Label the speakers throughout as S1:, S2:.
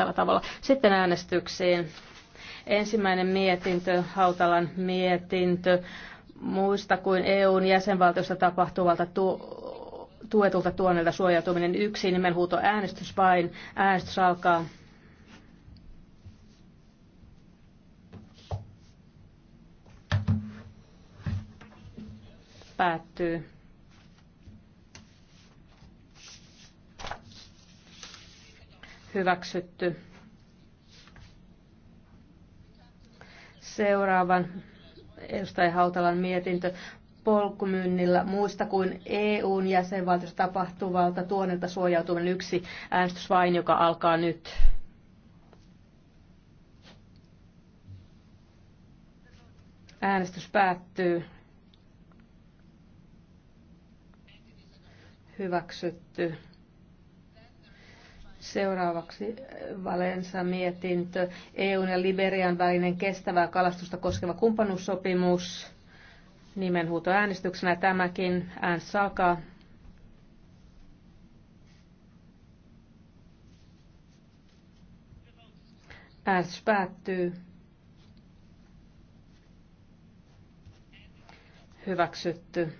S1: tällä tavalla. Sitten äänestyksiin. Ensimmäinen mietintö, Hautalan mietintö, muista kuin EUn jäsenvaltiosta tapahtuvalta tu- tuetulta tuonnelta suojautuminen yksi nimenhuuto äänestys vain. Äänestys alkaa. Päättyy. hyväksytty. Seuraavan edustaja Hautalan mietintö polkumyynnillä muista kuin EUn jäsenvaltiossa tapahtuvalta tuonelta suojautuminen yksi äänestys vain, joka alkaa nyt. Äänestys päättyy. Hyväksytty. Seuraavaksi äh, Valensa mietintö. EUn ja Liberian välinen kestävää kalastusta koskeva kumppanuussopimus. äänestyksenä tämäkin. Ään saka. Äänestys päättyy. Hyväksytty.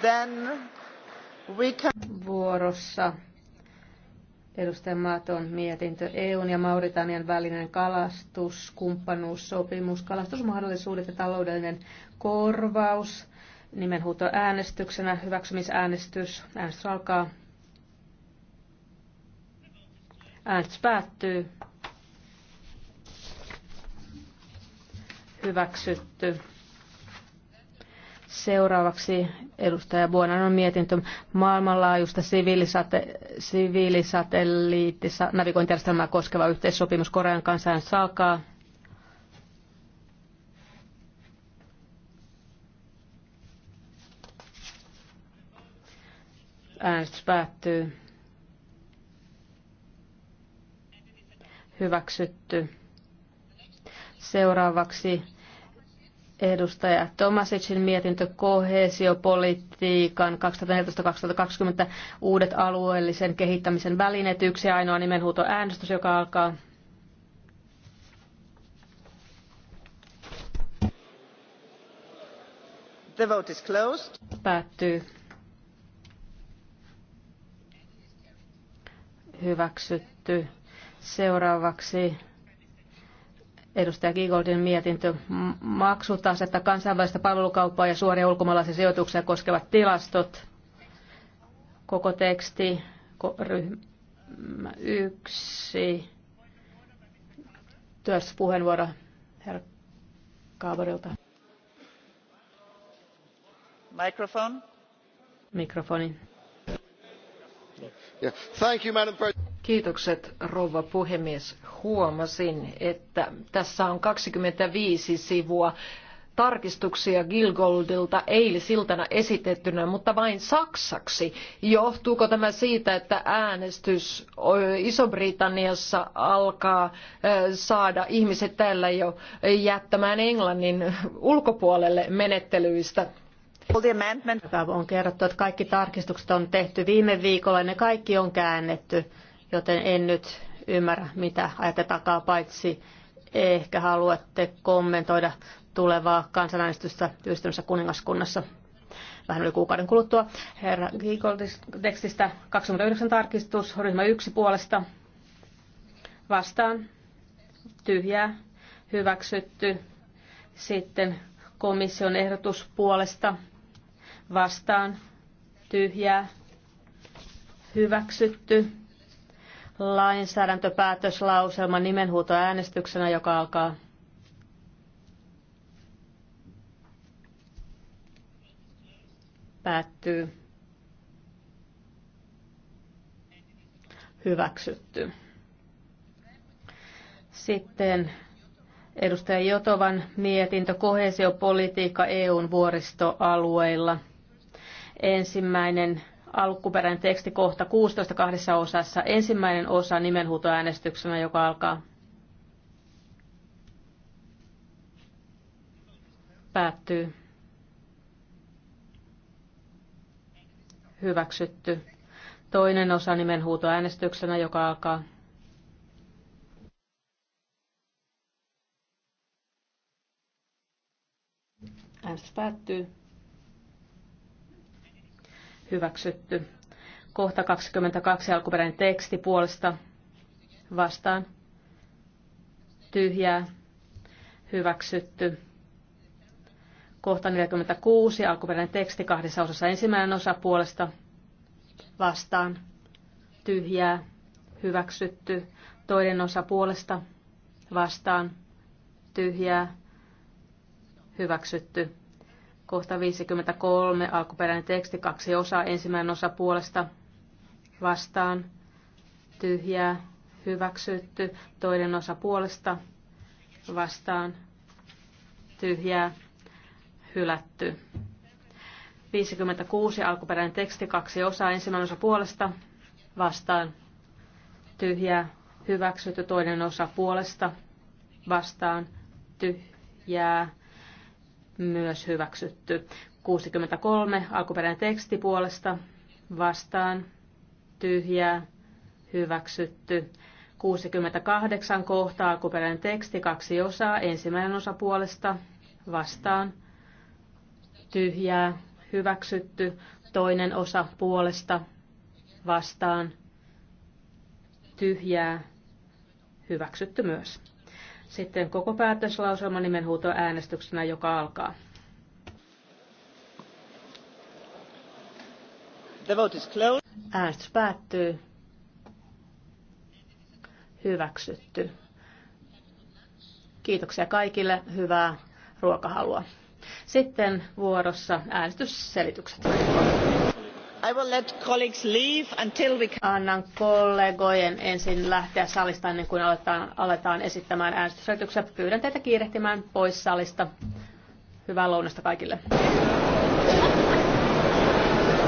S1: Then Vuorossa edustaja Maton mietintö EUn ja Mauritanian välinen kalastus, kumppanuussopimus, kalastusmahdollisuudet ja taloudellinen korvaus. Nimenhuuto äänestyksenä, hyväksymisäänestys. Äänestys alkaa. Äänestys päättyy. Hyväksytty. Seuraavaksi edustaja Buonan on mietintö maailmanlaajuista siviilisate, navigointijärjestelmää koskeva yhteissopimus Korean kansain saakaa. Äänestys päättyy. Hyväksytty. Seuraavaksi edustaja Tomasicin mietintö kohesiopolitiikan 2014-2020 uudet alueellisen kehittämisen välineet. Yksi ainoa nimenhuuto äänestys, joka alkaa. The vote is closed. Päättyy. Hyväksytty. Seuraavaksi edustaja Giegoldin mietintö maksutasetta, kansainvälistä palvelukauppaa ja suoria ulkomaalaisia sijoituksia koskevat tilastot. Koko teksti, ryhmä yksi, työssä puheenvuoro herra Kaaborilta. Mikrofoni. Mikrofoni. Yeah. Thank you, Madam President. Kiitokset, rouva puhemies. Huomasin, että tässä on 25 sivua tarkistuksia Gilgoldilta eilisiltana esitettynä, mutta vain saksaksi. Johtuuko tämä siitä, että äänestys Iso-Britanniassa alkaa saada ihmiset täällä jo jättämään Englannin ulkopuolelle menettelyistä? On kerrottu, että kaikki tarkistukset on tehty viime viikolla ja ne kaikki on käännetty joten en nyt ymmärrä, mitä ajatte takaa, paitsi ehkä haluatte kommentoida tulevaa kansanäänestystä yhdistymässä kuningaskunnassa vähän yli kuukauden kuluttua. Herra tekstistä 29 tarkistus, ryhmä 1 puolesta vastaan, tyhjää, hyväksytty. Sitten komission ehdotus puolesta vastaan, tyhjää, hyväksytty lainsäädäntöpäätöslauselma nimenhuutoäänestyksenä, joka alkaa. Päättyy. Hyväksytty. Sitten edustaja Jotovan mietintö kohesiopolitiikka EUn vuoristoalueilla. Ensimmäinen alkuperäinen teksti kohta 16 kahdessa osassa. Ensimmäinen osa nimenhuutoäänestyksenä, joka alkaa. Päättyy. Hyväksytty. Toinen osa nimenhuutoäänestyksenä, joka alkaa. Äänestys päättyy hyväksytty. Kohta 22 alkuperäinen teksti puolesta vastaan tyhjää hyväksytty. Kohta 46 alkuperäinen teksti kahdessa osassa ensimmäinen osa puolesta vastaan tyhjää hyväksytty. Toinen osa puolesta vastaan tyhjää hyväksytty. Kohta 53, alkuperäinen teksti, kaksi osaa. Ensimmäinen osa puolesta vastaan, tyhjää, hyväksytty. Toinen osa puolesta vastaan, tyhjää, hylätty. 56, alkuperäinen teksti, kaksi osaa. Ensimmäinen osa puolesta vastaan, tyhjää, hyväksytty. Toinen osa puolesta vastaan, tyhjää, myös hyväksytty. 63 alkuperäinen teksti puolesta vastaan tyhjää hyväksytty. 68 kohtaa alkuperäinen teksti, kaksi osaa, ensimmäinen osa puolesta vastaan tyhjää hyväksytty, toinen osa puolesta vastaan tyhjää hyväksytty myös. Sitten koko päätöslauselma nimenhuuto äänestyksenä, joka alkaa. The vote is closed. Äänestys päättyy. Hyväksytty. Kiitoksia kaikille. Hyvää ruokahalua. Sitten vuorossa äänestysselitykset. We... Annan kollegojen ensin lähteä salista ennen kuin aletaan, aletaan esittämään äänestysrajoituksia. Pyydän teitä kiirehtimään pois salista. Hyvää lounasta kaikille.